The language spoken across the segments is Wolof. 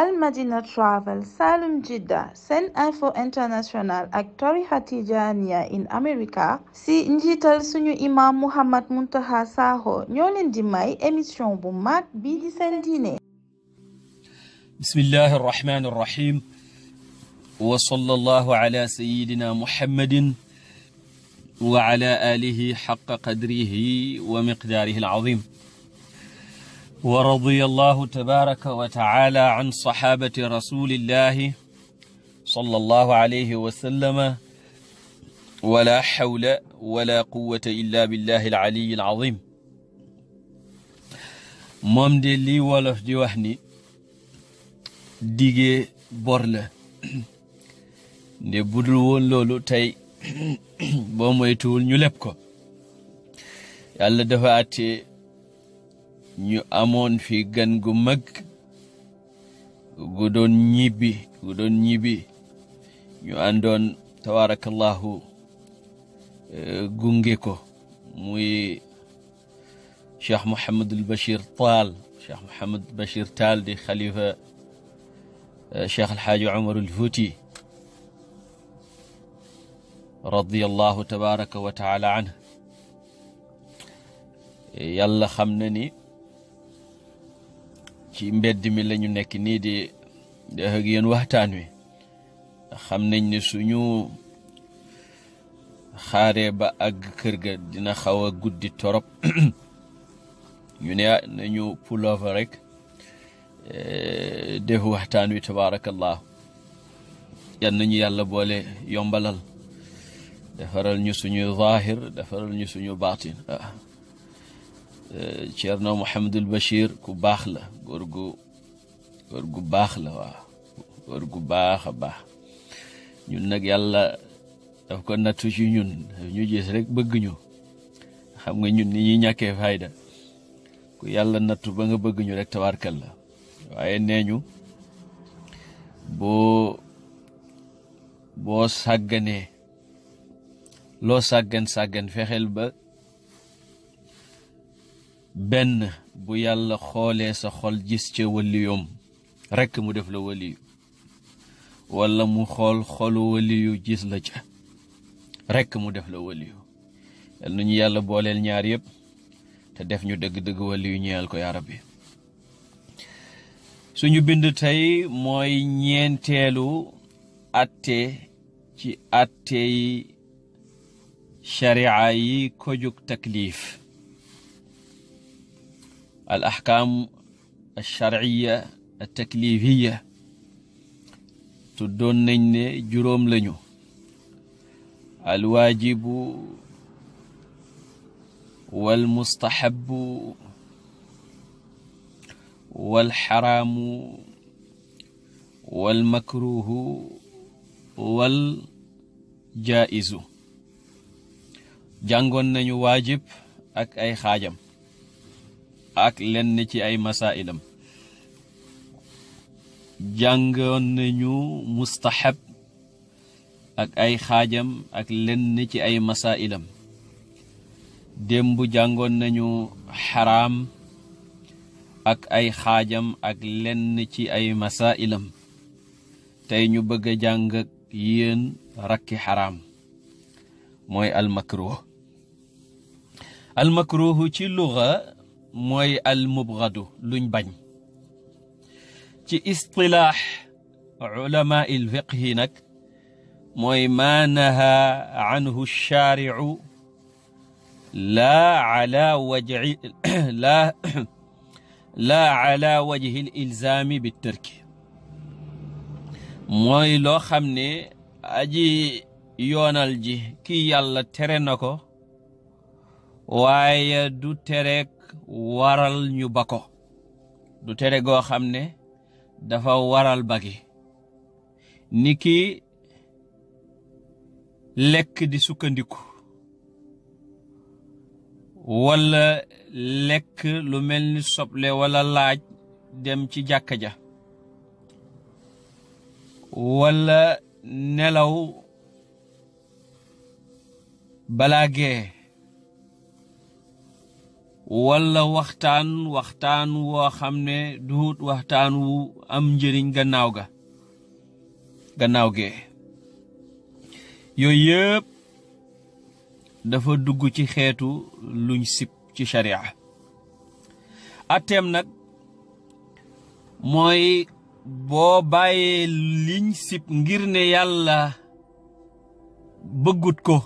al madina travel salum jidda sen info international ak tarixa in america si njiital suñu imam muhammad muntaha sakho ñoo leen di may émission bu mag bii di seen diine bismillahi arrahmani arrahim wa sallallahu ala ورضي الله تبارك وتعالى عن صحابة رسول الله صلى الله عليه وسلم ولا حول ولا قوة إلا بالله العلي العظيم moom de lii wolof di wax ni digee nde budul woon loolu tey boo moytuwul ñu lépp ko yàlla ñu amoon fi gan gu mag gu doon ñibbi gu doon ñu àndoon tabaarakallahu e, gunge ko muy cheikh Mouhamadul Bachir Taal cheikh Mouhamad Bachir Taal di xalifa e, cheikh Alxaaji Omarul Fuuti radiyallahu tabaaraka wa taala anhu yàlla xam na ni ci mbedd mi la ñu nekk nii di dex ak yéen waxtaan wi xam nañ ne suñu xaare ba àgg kër ga dina xaw a guddi torop ñu ne ah, nañu pullover rek eh, def waxtaan wi tabaarakallahu yan nañu yàlla boole yombalal defaral ñu suñu zaahir defaral ñu suñu baatin ah. Ceerno Mouhamadul Bachir ku baax la góor gu góor gu baax la waaw góor gu baax a baax ñun nag yàlla daf ko nattu ci ñun ñu gis rek bëgg ñu xam nga ñun ni ñuy ñàkkee fayda ku yàlla nattu ba nga bëgg ñu rek tabarkal la waaye nee ñu boo boo sàgganee loo sàggan sàggan fexeel ba benn bu yàlla xoolee sa xol gis ca waliyoom rekk mu def la waliyu walla mu xool xolu waliyu gis la ca rekk mu def la waliyu yal na ñu yàlla booleel ñaar yëpp te def ñu dëgg-dëgg waliyu ñeel ko yaa rabbi suñu bind tey mooy ñeenteelu atte ci atte yi yi ko jóg al ahkaam alcharciya altaklifiya tuddoon nañ ne juróom lañu alwaajibu walmustahabu walxaraamu wal waljaa'izu jàngoon nañu waajib ak ay xaajam ak lenn ci ay masaa'ilam jàngoon nañu mustahab ak ay xaajam ak lenn ci ay masaa'ilam démb jàngoon nañu xaraam ak ay xaajam ak lenn ci ay ilam tey ñu bëgg a jàng ak yéen rakki xaraam mooy almakruh almakruhu ci luga mooy al mubgadu luñ bañ ci istilaax ulamaa il fiqhi nag mooy maa naha anhu shaaricu laa ala wajhi laa laa ala wajhi l ilzaami bi tarki mooy loo xam ne aji yoonal ji kii yàlla tere na ko waaye du tereek waral ñu ba du tere goo xam ne dafa waral ba gi ni ki lekk di sukkandiku wala lekk lu mel ni soble wala laaj dem ci jàkka ja wala nelaw balaa wala waxtaan waxtaan woo xam ne duut waxtaan wu am njëriñ gannaaw ga gannaaw gee yooyu yëpp dafa dugg ci xeetu luñ sib ci sharia atteem nag mooy boo bàyyee liñ sib ngir ne yàlla bëggut ko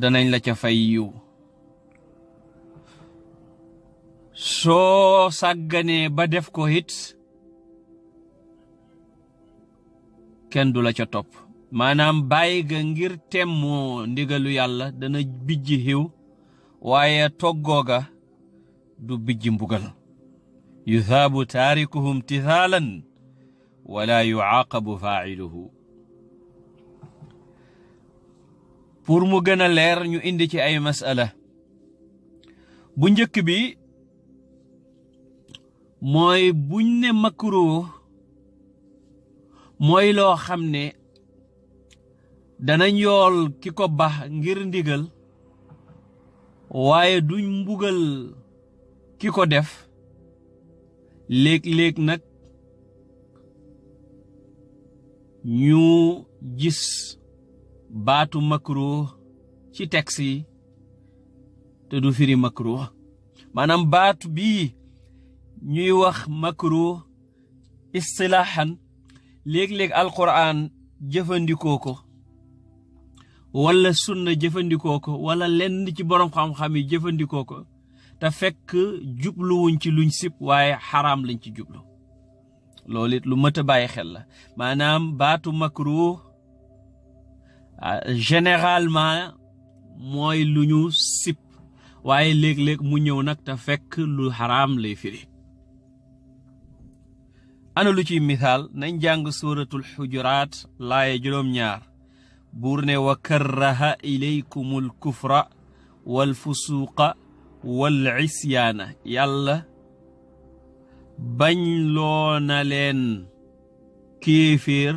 danañ la ca fay yiw soo sàgganee ba def ko it kenn du la ca topp maanaam bàyyi ngir temmoo ndigalu yàlla dana bijji xiw waaye toggoo ga du bijji mbugal yuthaabu taarikuhum tithaalan wala yucaaqabu faaciluhu pour mu gën a leer ñu indi ci ay masala bu njëkk bi mooy buñ ne makruh mooy loo xam ne danañ yool ki ko bax ngir ndigal waaye duñ mbugal ki ko def léeg-léeg nag ñu gis baatu makruh ci texte yi te du firi makruh maanaam baatu bii ñuy wax makruh istilaahan léeg-léeg alquran jëfandikoo ko wala sunna jëfandikoo ko wala lenn ci boroom xam-xam yi jëfandikoo ko te fekk jubluwuñ ci luñ sib waaye xaraam lañ ci jublu loolu lu mët a bàyyi xel la maanaam baatu makruh Euh, généralement mooy lu ñu sip waaye léeg-léeg mu ñëw nag te fekk lu xaraam lay firi ana lu ci misaal nañ jàng suuratul xujuraat laaya juróom-ñaar buur ne wa karraha ilaykumul kufra wal fusuuqa wal isyaana yàlla bañ loo na leen kéeféer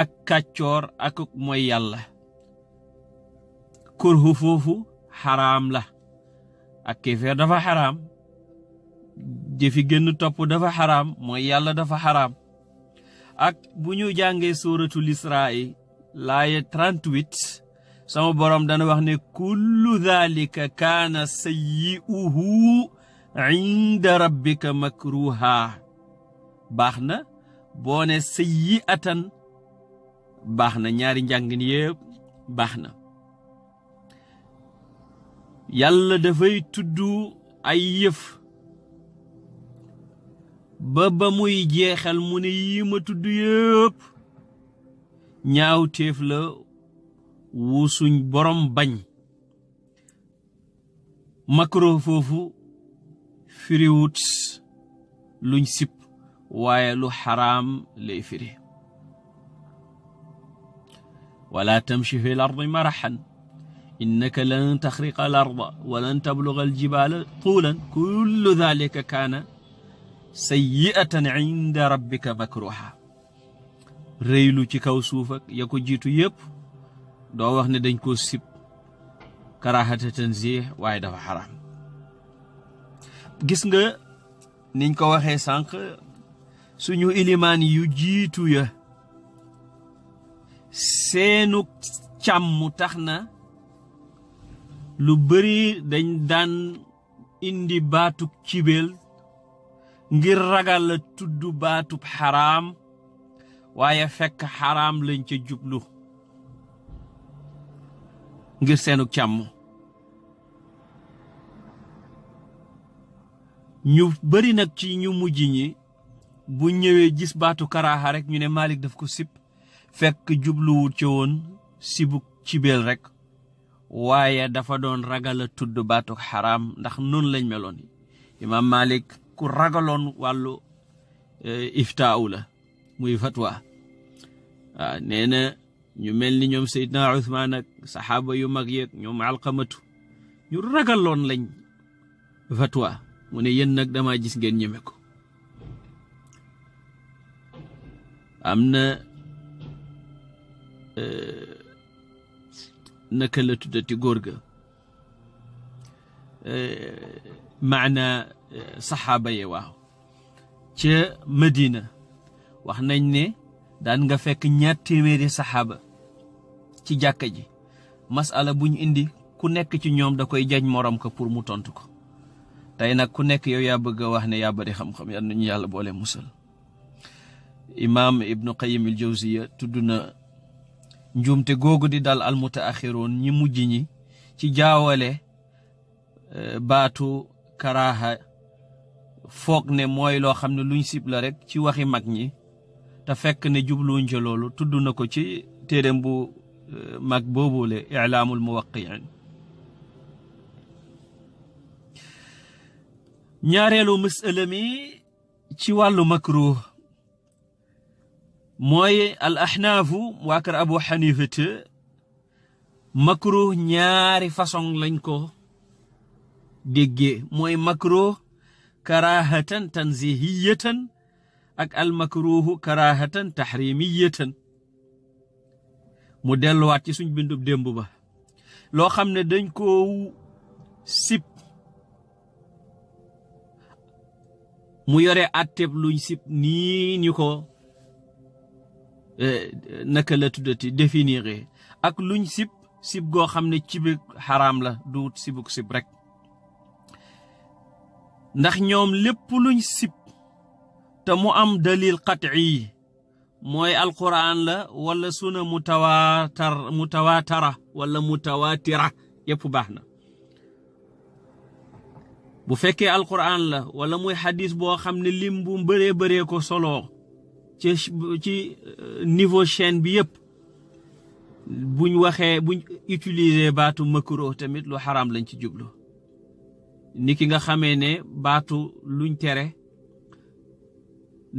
ak kàccoor ak mooy yàlla kurhu foofu xaraam la ak kéefeer dafa xaraam jëfi génn topp dafa xaraam mooy yàlla dafa xaraam ak bu ñu jàngee suratul isra'i laaye 38 sama boroom dana wax ne kullu dhalika kaana sayyi'uhu inda rabbika makruha baax na boo ne sayyi'atan baax na ñaari njàngin yëpp baax na yàlla dafay tudd ay yëf ba ba muy jeexal mu ne yii ma tudd yëpp ñaawteef la wu suñ borom bañ makro foofu firiwut luñ sip waaye lu xaraam lay firi ولا تمشي في الأرض مرحا إنك لن تخرق الأرض ولن تبلغ الجبال طولا كل ذلك كان سيئة عند ربك مكروها réylu ci kaw suuf ak ya jiitu yëpp doo wax ne dañ koo sib karaahata tanzih waaye dafa xaraam gis nga niñ ko waxee sànq suñu ilimaan yu jiitu ya seenu càmm tax na lu bari dañ daan indi baatub cibeel ngir ragal la tudd baatub xaraam waaye fekk xaraam lañ ca jublu ngir seenu càmm ñu bari nag ci ñu mujj ñi bu ñëwee gis baatu karaaxa rek ñu ne Malik daf ko sip fekk jubluwut ci woon sibuk cibeel rekk waaye dafa doon ragal a tudd baatuk xaraam ndax noonu lañ meloon imaam Malik ku ragaloon wàllu eh, iftaaw la muy fatwa waaw ah, ñu mel ni ñoom Seydina Uthman ak saxaaba yu mag yeeg ñoom alqamatu ñu ragaloon lañ fatwa mu ne yéen nag dama gis ngeen ñeme ko am na E, naka la tuddati góor ga e, maana e, saxaaba ye waaw ca Madina wax nañ ne daan nga fekk ñaar téeméeri saxaaba ci jàkka ji masala bu ñu indi ku nekk ci ñoom da koy jañ moroom ko pour mu tontu ko tey nag ku nekk yow yaa bëgg a wax ne yaa bari xam-xam yal nañu yàlla boole musal imaam ibnu Qayyim al-Jawziya tudd na njuumte googu di dal almutaaxiroon ñi mujj ñi ci jaawale e, baatu karaaha foog ne mooy loo xam ne luñ sib la rek ci waxi mag ñi te fekk ne jubluwuñ ca loolu tudd na ko ci téeréem bu e, mag boobule ilaamul muwaqiin ñaareelu masala mi ci wàllu makruh mooy al ahnaafu waa kër abu xanifa makruh ñaari façon lañ ko déggee mooy makruh karahatan tanzihiyatan ak al makruhu karahatan tahrimiyatan mu delluwaat ci suñ bindub démb ba loo xam ne dañ koo sib mu yore atteb luñ sib nii ñu ko Euh, naka la tuddati définir ak luñ sib goo xam ne cibig xaraam la du wut sib rek ndax ñoom lépp luñ sib te mu am dalil qat'i mooy alquran la walla suna mutawaatar mutawaatara wala mutawaatira yëpp baax na bu fekkee alquran la wala muy xadis boo xam ne lim bu mbëree bëree ko solo ci ci euh, niveau chaîne bi yëpp buñ waxee buñ utiliser baatu makruh tamit lu xaraam lañ ci jublu ni ki nga xamee ne baatu luñ tere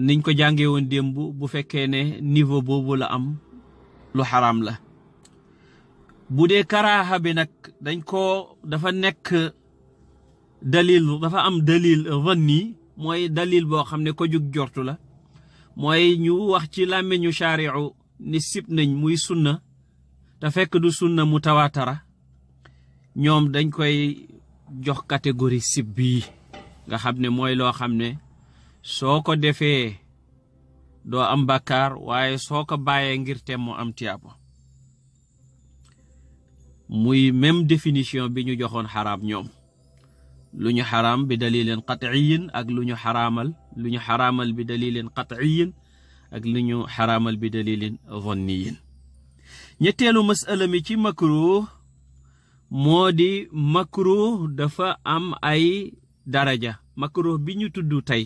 niñ ko jàngee woon démb bu fekkee ne niveau boobu la am lu xaraam la bu dee karaaxa bi nag dañ ko dafa nekk dalil dafa am dalil vanni mooy dalil boo xam ne ko jug jortu la mooy ñu wax ci làmmiñu shaariu ni sib nañ muy sunna te fekk du sunna mu tawaatara ñoom dañ koy jox catégorie sib bii nga xam ne mooy loo xam ne soo ko defee doo am bàkkaar waaye soo ko bàyyee ngir tem mu am tiyaabo muy même définition bi ñu joxoon xaraam ñoom lu ñu xaraam bi dalileen qat'iyin ak lu ñu xaraamal lu ñu xaraamal bi dalilin qat'iyin ak lu ñu xaraamal bi dalilin zanniyin ñetteelu masala mi ci makruh moo di makruh dafa am ay daraja makruh bi ñu tudd tey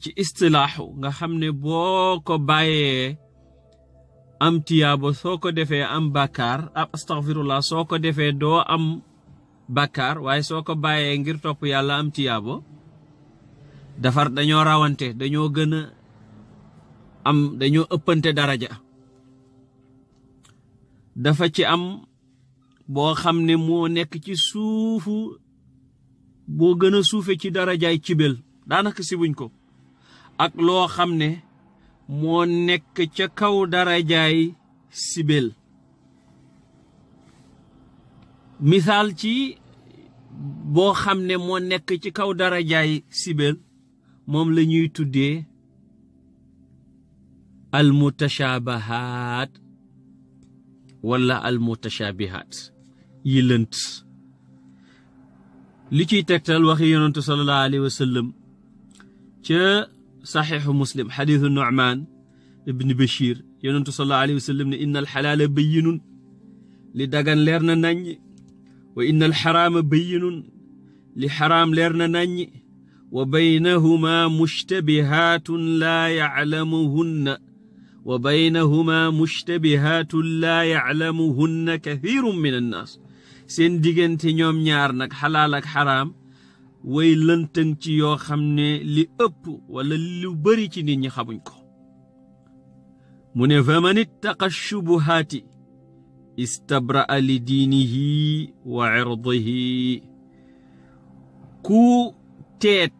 ci istilaaxu nga xam ne boo ko bàyyee am tiyaaba soo ko defee am bàkkaar ab astaghfirullah soo ko defee doo am bàkkaar waaye soo ko bàyyee ngir topp yàlla am tiyaaba dafar dañoo rawante dañoo gën a am dañoo ëppante daraja dafa ci am boo xam ne moo nekk ci suufu boo gën a suufe ci darajaay cibel daanaka si buñ ko ak loo xam ne moo nekk ca kaw darajaay sibel misaal ci boo xam ne moo nekk ci kaw darajaay sibel moom la ñuy tuddee al mutashaabahaat wala al mutashaabihaat yi lënt li ciy tegtal waxi yonentu sallallahu alayhi wa sallam ca saxiixu muslim xadiisu nucmaan ibni bachir yonentu sallallahu alayhi inna al xalaala li dagan leer na naññ wa inna al xaraama li xaraam leer na naññ wa baynahuma mushtabihaatun laa yaclamuhunna wa baynahuma mushtabihaatun laa yaclamuhunna kathiirun min annaas seen diggante ñoom ñaar nag xalaal xaraam way lëntëng ci yoo xam ne li ëpp wala lu bari ci nit ñi xamuñ ko mu ne fa man ittaqa shubuhaati istabra'a li diinihi wa irdihi teet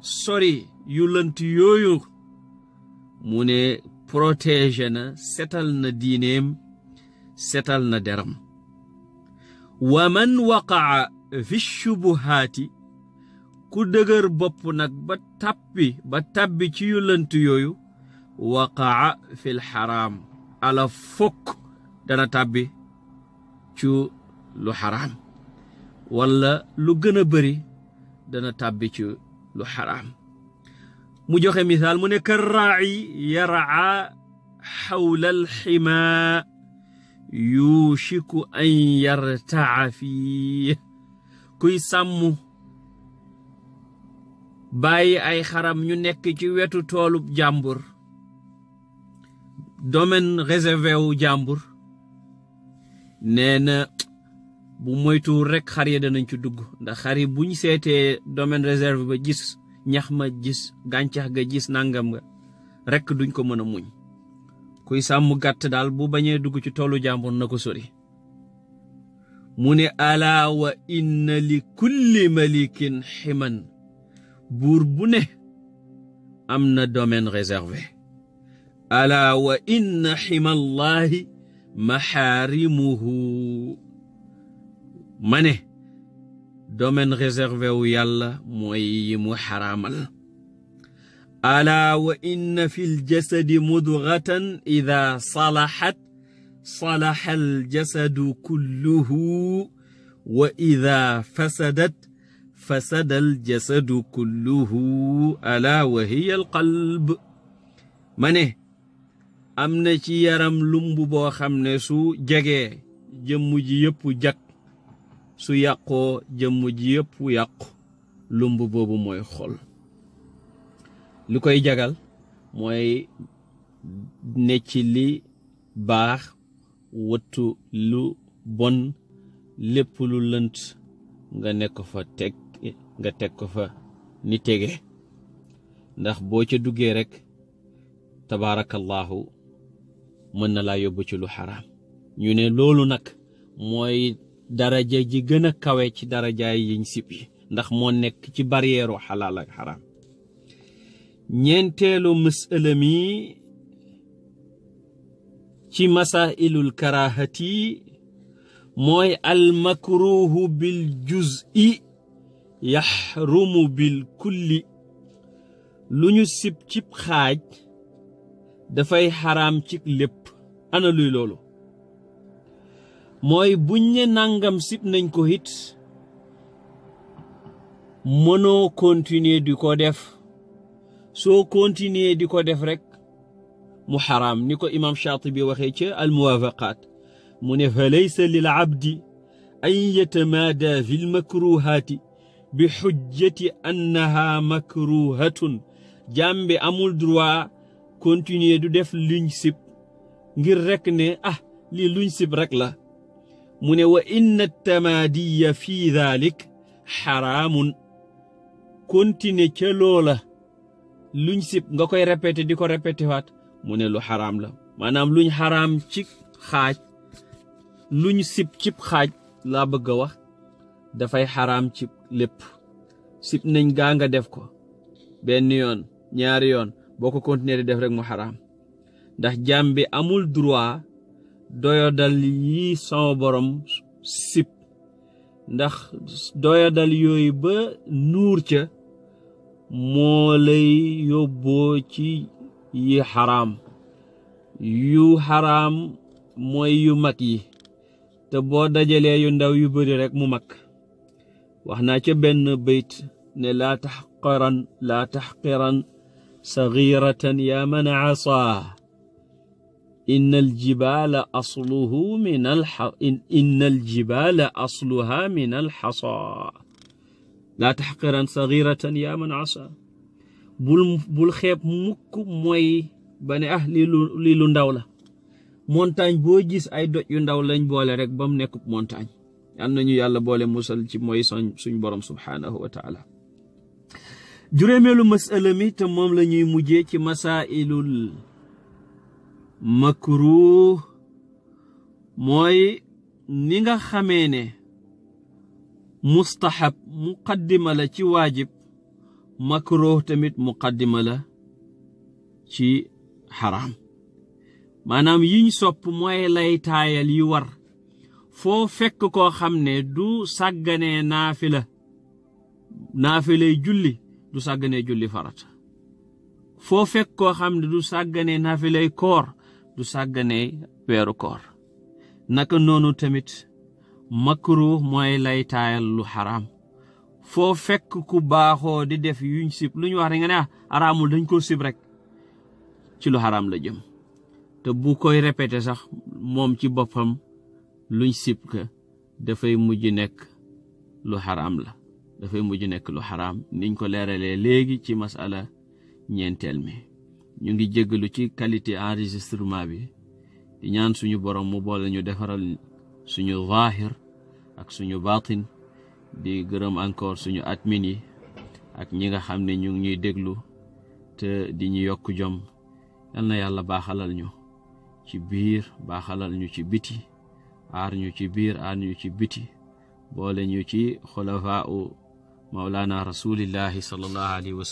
sori yu yooyu mu ne protégé na setal na diineem setal na deram wa man waqaa fi shubuhaati ku dëgër bopp nag ba tàppi ba tàbbi ci yu yooyu waqaa fi lxaraam ala fokk dana tàbbi ci lu xaraam walla lu gën a bëri dana tàbbi ci mu joxe misaal mu ne ka raaci yarca xawla alximaa yuushiku an yartaca fii kuy sàmm bàyyi ay xaram ñu nekk ci wetu toolub jàmbur domaine réservé wu jàmbur nee bu moytuwul rek xar yi danañ ci dugg ndax xar yi buñ seetee domaine réserve ba gis ñax ma gis gàncax ga gis nangam nga rekk duñ ko mën a muñ kuy sàmm gàtt daal bu bañee dugg ci toolu jàmbur na ko sori mu ne alaa wa inna li kulli ximan buur bu ne am na domaine réservé alaa wa inna ximallaahi maxaarimuhu mane ne domaine réservé wu yàlla mooy yi mu xaraamal alaa wa inna fi ljasadi mudgatan ida salaxat salaxa aljasadu kulluhu wa ida fasadat fasada aljasadu kulluhu alaa wa hiya alqalb ma am na ci yaram lumb boo xam ne su jegee jëmm ji yëpp jag su yàqoo jëmm ji yëpp yàqu lumb boobu mooy xol lu koy jagal mooy ne ci li baax wëttu lu bon lépp lu lënt nga nekk ko fa teg nga teg ko fa ni tege ndax boo ca duggee rek tabaarakallaahu mën na laa yóbbu ci lu xaraam ñu ne loolu nag mooy daraja ji gën a kawe ci darajaay yiñ sib yi ndax moo nekk ci barrière xalaal ak xaraam ñeenteelu masala mi ci masailul karahati mooy al makruhu bil juz'i yaxrumu bil kulli lu ñu sib cib xaaj dafay xaraam ci lépp ana loolu mooy buñ ne nangam sib nañ ko it mënoo continuer di ko def soo continuer di ko def rekk mu xaraam ni ko imaam Shaatibi waxee ca almuwaafaqaat mu ne fa laysa lil abdi an yatamaada fi lmakruhaati bi xujjati annaha makruhatun jàmbe amul droit continuer du def luñ sib ngir rekk ne ah lii luñ sib rekk la mu ne wa inna tamaadiya fi daalik xaraamun continuer ca loola luñ sib nga koy répété di ko répété waat mu ne lu xaraam la maanaam luñ xaraam ci xaaj lu luñ sib cib xaaj laa bëgg a wax dafay xaraam ci lépp sib nañ gaa nga def ko benn yoon ñaari yoon boo ko continuer di def rek mu xaraam ndax jaam bi amul droit doyadal yi sama borom sip ndax doyadal yooyu ba nuur ca moo lay yóbboo ci yi xaraam yu xaraam mooy yu mag yi te boo dajalee yu ndaw yu bari rekk mu mag wax naa ca benn beyt ne laa taxqiran laa taxqiran saxiratan yaa man asaa innal jibaala asluhu min al innal jibaala asluha min al xasa laa taxqiran saxiratan yaa man asa bul bul xeeb mukk mooy ba ne ah lii lu lii lu ndaw la montagne boo gis ay doj yu ndaw lañ boole rek ba mu nekk montagne yal nañu yàlla boole musal ci mooy suñ borom subhaanahu wa taala juróomeelu masala mi te moom la makruh mooy ni nga xamee ne mustahab muqaddima la ci waajib makruh tamit muqaddima la ci xaraam maanaam yiñ sopp mooy lay taayal yi war foo fekk koo xam ne du sàgganee naafila naafilay julli du sàgganee julli farat foo fekk koo xam ne du sàgganee naafilay koor du sàgganee weeru koor naka noonu tamit makruh mooy lay taayal lu xaraam foo fekk ku baaxoo di def yuñ sib lu wax rek nga ne ah dañ koo sib rek ci lu xaraam la jëm te bu koy répété sax moom ci boppam luñ sib ka dafay mujj nekk lu xaraam la dafay mujj nekk lu xaraam niñ ko leeralee léegi ci masala ñeenteel mi ñu ngi jéggalu ci qualité enregistrement bi di ñaan suñu borom mu boole ñu defaral suñu zaahir ak suñu baatin di gërëm encore suñu admin yi ak ñi nga xam ne ñu ngi ñuy déglu te di ñu yokk jom yal na yàlla baaxalal ñu ci biir baaxalal ñu ci biti aar ñu ci biir aar ñu ci biti boole ñu ci xulafaa u maulana rasulillahi sallallahu alayhi wa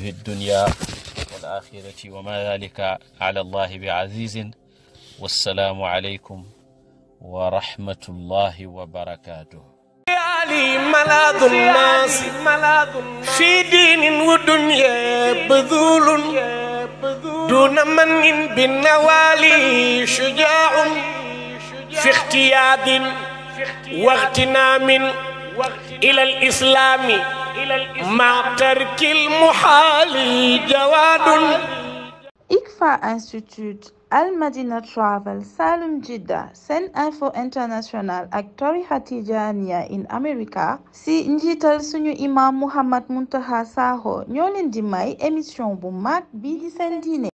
fi dunya الآخرة وما ذلك على الله بعزيز والسلام عليكم ورحمة الله وبركاته علي ملاذ الناس في دين ودنيا بذول دون من بالنوالي شجاع في اختياد واغتنام إلى الإسلام ma tarkil muhaali jawaadun ICFA Institute Al Madina Travel Salum Jidda Sen Info International ak tarixa Tijaaniya in America si njiital suñu imam Muhammad Muntaha Sakho ñoo di may émission bu mag bi di seen